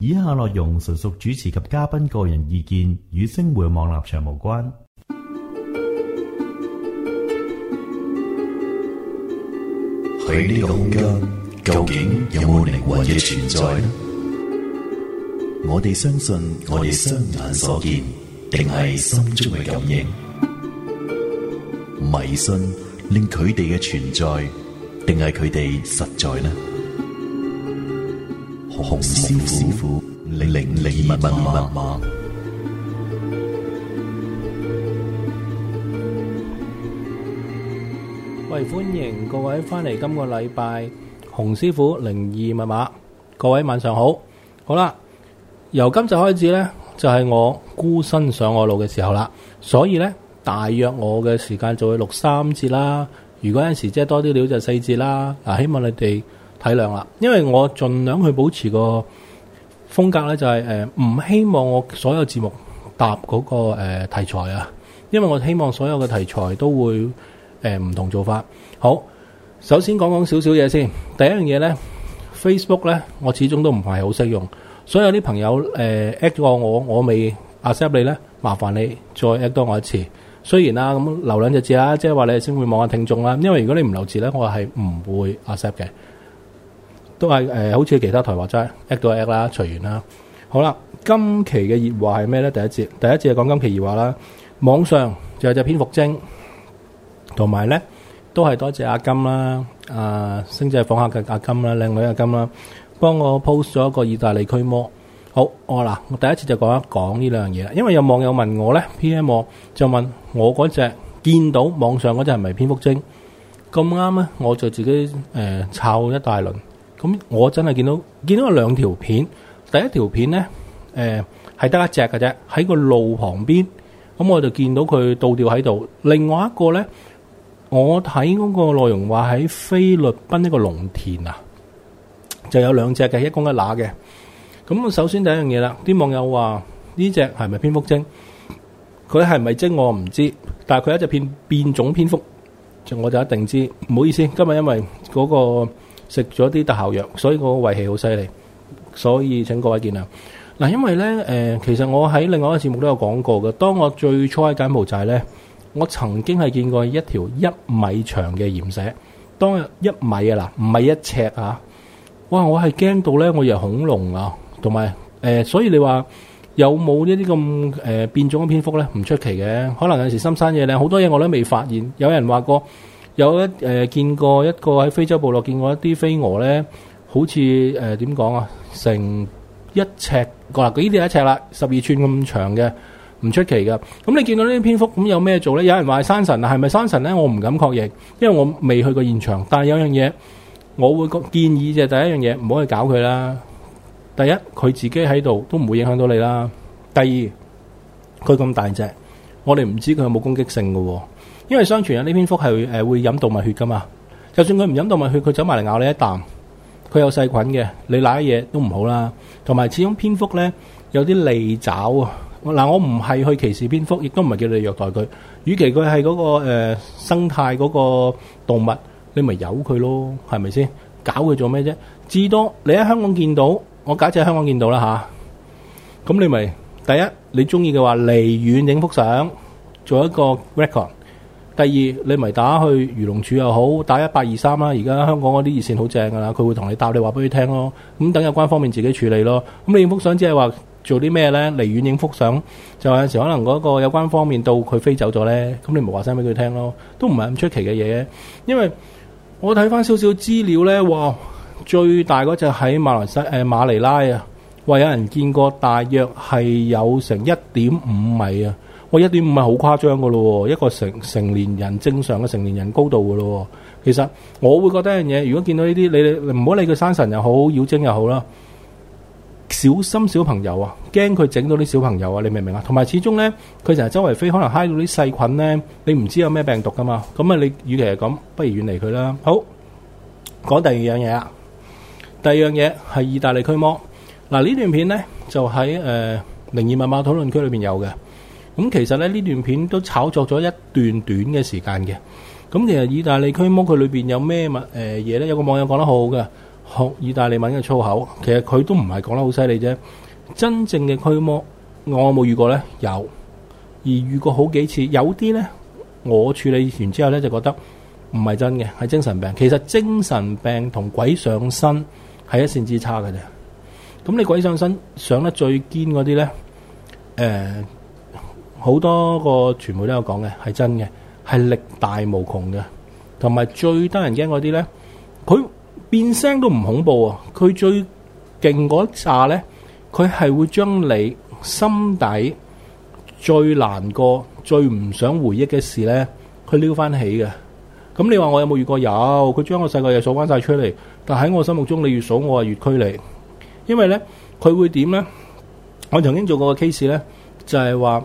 以下內容純屬，屬主持及嘉賓個人意見，與星匯網立場無關。喺呢個空間，究竟有冇靈魂嘅存在呢？我哋相信我哋雙眼所見，定係心中嘅感應？迷信令佢哋嘅存在，定係佢哋實在呢？洪師傅，靈異密碼，密碼。喂，歡迎各位翻嚟今個禮拜洪師傅靈異密碼，各位晚上好，好啦。由今集開始呢，就係、是、我孤身上我路嘅時候啦，所以呢，大約我嘅時間就會錄三節啦。如果有陣時即係多啲料就四節啦。嗱，希望你哋。體諒啦，因為我盡量去保持個風格咧、就是，就係誒唔希望我所有節目搭嗰、那個誒、呃、題材啊，因為我希望所有嘅題材都會誒唔、呃、同做法。好，首先講講少少嘢先。第一樣嘢咧，Facebook 咧，我始終都唔係好識用，所以有啲朋友誒 at、呃呃呃、我，我我未 accept 你咧，麻煩你再 at 多我一次。雖然啦，咁、啊嗯、留兩隻字啦，即係話你先會望下聽眾啦，因為如果你唔留字咧，我係唔會 accept 嘅。都係誒，好似其他台話齋，at 到 at 啦，隨緣啦。好啦，今期嘅熱話係咩咧？第一節，第一節係講今期熱話啦。網上就有隻蝙蝠精，同埋咧都係多謝阿金啦。啊，星際訪客嘅阿金啦，靚女阿金啦，幫我 post 咗一個意大利驅魔。好，我嗱，我第一次就講一講呢兩樣嘢啦，因為有網友問我咧，P.M. 就問我嗰隻見到網上嗰隻係咪蝙蝠精咁啱咧，我就自己誒炒一大輪。咁我真係見到見到有兩條片，第一條片呢，誒係得一隻㗎啫，喺個路旁邊，咁我就見到佢倒吊喺度。另外一個呢，我睇嗰個內容話喺菲律賓一個農田啊，就有兩隻嘅，一公一乸嘅。咁啊，首先第一樣嘢啦，啲網友話呢隻係咪蝙蝠精？佢係咪精我唔知，但係佢一隻變變種蝙蝠，就我就一定知。唔好意思，今日因為嗰個。食咗啲特效藥，所以個胃氣好犀利，所以請各位見諒。嗱，因為呢，誒、呃，其實我喺另外一個節目都有講過嘅。當我最初喺柬埔寨呢，我曾經係見過一條一米長嘅鹽蛇，當一米啊，嗱，唔係一尺啊，哇！我係驚到呢，我以為恐龍啊，同埋誒，所以你話有冇呢啲咁誒變種嘅蝙蝠呢？唔出奇嘅，可能有時深山野嶺好多嘢我都未發現。有人話過。有一誒、呃、見過一個喺非洲部落見過一啲飛蛾咧，好似誒點講啊？成一尺嗱，佢依啲係一尺啦，十二吋咁長嘅，唔出奇噶。咁你見到呢啲蝙蝠，咁有咩做咧？有人話係山神啊，係咪山神咧？我唔敢確認，因為我未去過現場。但係有樣嘢，我會個建議就第一樣嘢，唔好去搞佢啦。第一，佢自己喺度都唔會影響到你啦。第二，佢咁大隻，我哋唔知佢有冇攻擊性嘅喎、啊。因為相傳啊，呢蝙蝠係誒會、呃、會飲動物血㗎嘛。就算佢唔飲動物血，佢走埋嚟咬你一啖，佢有細菌嘅，你舐嘢都唔好啦。同埋始終蝙蝠咧有啲利爪啊。嗱、呃，我唔係去歧視蝙蝠，亦都唔係叫你虐待佢。與其佢係嗰個、呃、生態嗰個動物，你咪由佢咯，係咪先？搞佢做咩啫？至多你喺香港見到，我假設喺香港見到啦吓，咁、啊、你咪第一你中意嘅話離遠影幅相，做一個 record。第二，你咪打去漁農署又好，打一八二三啦。而家香港嗰啲熱線好正噶啦，佢會同你搭，你話俾佢聽咯。咁等有關方面自己處理咯。咁你影幅相，即係話做啲咩呢？離遠影幅相，就係有時可能嗰個有關方面到佢飛走咗呢。咁你咪話聲俾佢聽咯。都唔係咁出奇嘅嘢，因為我睇返少少資料呢，話最大嗰隻喺馬來西誒馬尼拉啊，話有人見過大約係有成一點五米啊。我一點五係好誇張噶咯，一個成成年人正常嘅成年人高度噶咯。其實我會覺得一樣嘢，如果見到呢啲，你唔好理佢山神又好妖精又好啦，小心小朋友啊，驚佢整到啲小朋友啊，你明唔明啊？同埋始終呢，佢成日周圍飛，可能揩到啲細菌呢，你唔知有咩病毒噶嘛。咁啊，你與其係咁，不如遠離佢啦。好，講第二樣嘢啊，第二樣嘢係意大利驅魔嗱。呢段片呢，就喺誒、呃、靈異密碼討論區裏邊有嘅。咁其實咧，呢段片都炒作咗一段短嘅時間嘅。咁其實意大利驅魔佢裏邊有咩物誒嘢呢？有個網友講得好嘅學意大利文嘅粗口，其實佢都唔係講得好犀利啫。真正嘅驅魔，我有冇遇過呢？有，而遇過好幾次。有啲呢，我處理完之後呢，就覺得唔係真嘅，係精神病。其實精神病同鬼上身係一線之差嘅啫。咁你鬼上身上得最堅嗰啲呢？誒、呃？好多個傳媒都有講嘅，係真嘅，係力大無窮嘅。同埋最得人驚嗰啲呢，佢變聲都唔恐怖啊！佢最勁嗰一炸呢？佢係會將你心底最難過、最唔想回憶嘅事呢，佢撩翻起嘅。咁、嗯、你話我有冇遇過？有佢將我細個嘢數翻晒出嚟，但喺我心目中，你越數我啊，越驅離。因為呢，佢會點呢？我曾經做過個 case 呢，就係、是、話。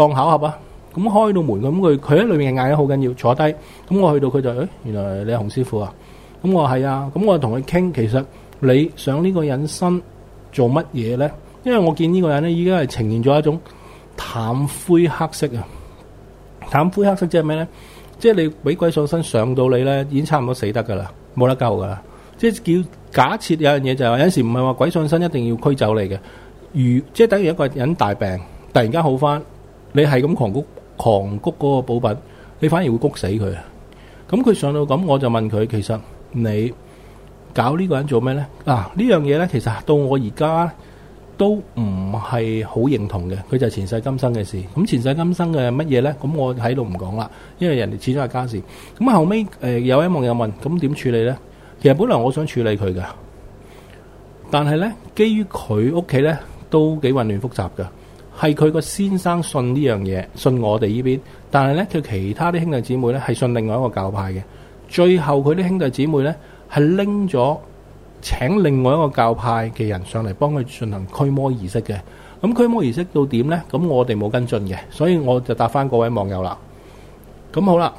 當巧合啊，咁開到門，咁佢佢喺裏面嗌得好緊要，坐低咁我去到佢就誒、哎，原來你係洪師傅啊，咁我話係啊，咁我同佢傾，其實你想呢個人身做乜嘢咧？因為我見呢個人咧，依家係呈現咗一種淡灰黑色啊，淡灰黑色即係咩咧？即係你俾鬼上身上到你咧，已經差唔多死得噶啦，冇得救噶啦。即係叫假設有樣嘢就係、是、話，有陣時唔係話鬼上身一定要驅走你嘅，如即係等於一個人大病突然間好翻。你係咁狂谷狂谷嗰個補品，你反而會谷死佢啊！咁佢上到咁，我就問佢：其實你搞呢個人做咩呢？嗱、啊，呢樣嘢呢，其實到我而家都唔係好認同嘅。佢就係前世今生嘅事。咁前世今生嘅乜嘢呢？咁我喺度唔講啦，因為人哋始終係家事。咁後尾誒、呃、有一網友問：咁點處理呢？其實本來我想處理佢㗎，但係呢，基於佢屋企呢，都幾混亂複雜㗎。係佢個先生信呢樣嘢，信我哋呢邊，但係呢，佢其他啲兄弟姊妹呢，係信另外一個教派嘅，最後佢啲兄弟姊妹呢，係拎咗請另外一個教派嘅人上嚟幫佢進行驅魔儀式嘅，咁、嗯、驅魔儀式到點呢？咁、嗯、我哋冇跟進嘅，所以我就答翻各位網友啦。咁、嗯、好啦，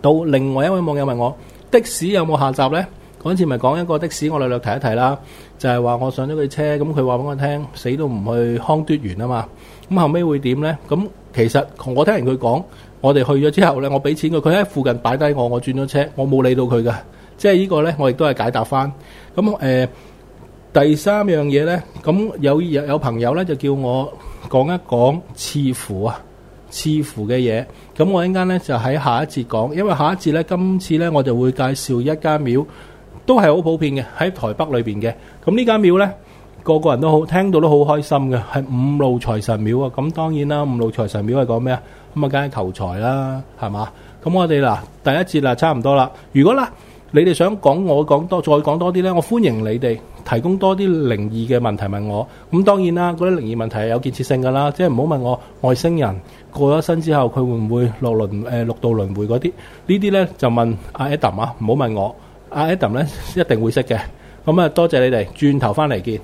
到另外一位網友問我：「的士有冇下集呢？」嗰次咪講一個的士，我略略提一提啦，就係話我上咗佢車，咁佢話俾我聽，死都唔去康篤園啊嘛。咁後尾會點咧？咁其實我聽人佢講，我哋去咗之後咧，我俾錢佢，佢喺附近擺低我，我轉咗車，我冇理到佢噶。即係呢個咧，我亦都係解答翻。咁誒第三樣嘢咧，咁有有有朋友咧就叫我講一講刺符啊，刺符嘅嘢。咁我陣間咧就喺下一節講，因為下一節咧今次咧我就會介紹一間廟。都係好普遍嘅，喺台北裏邊嘅。咁呢間廟咧，個個人都好聽到都好開心嘅，係五路財神廟啊！咁當然啦，五路財神廟係講咩啊？咁啊，梗係求財啦，係嘛？咁我哋啦，第一節啦，差唔多啦。如果啦，你哋想講我講多再講多啲咧，我歡迎你哋提供多啲靈異嘅問題問我。咁當然啦，嗰啲靈異問題係有建設性噶啦，即係唔好問我外星人過咗身之後佢會唔會落輪誒六道輪迴嗰啲，呢啲咧，就問阿 Adam 啊，唔好問我。阿 Adam 咧一定會識嘅，咁、嗯、啊多謝你哋，轉頭翻嚟見。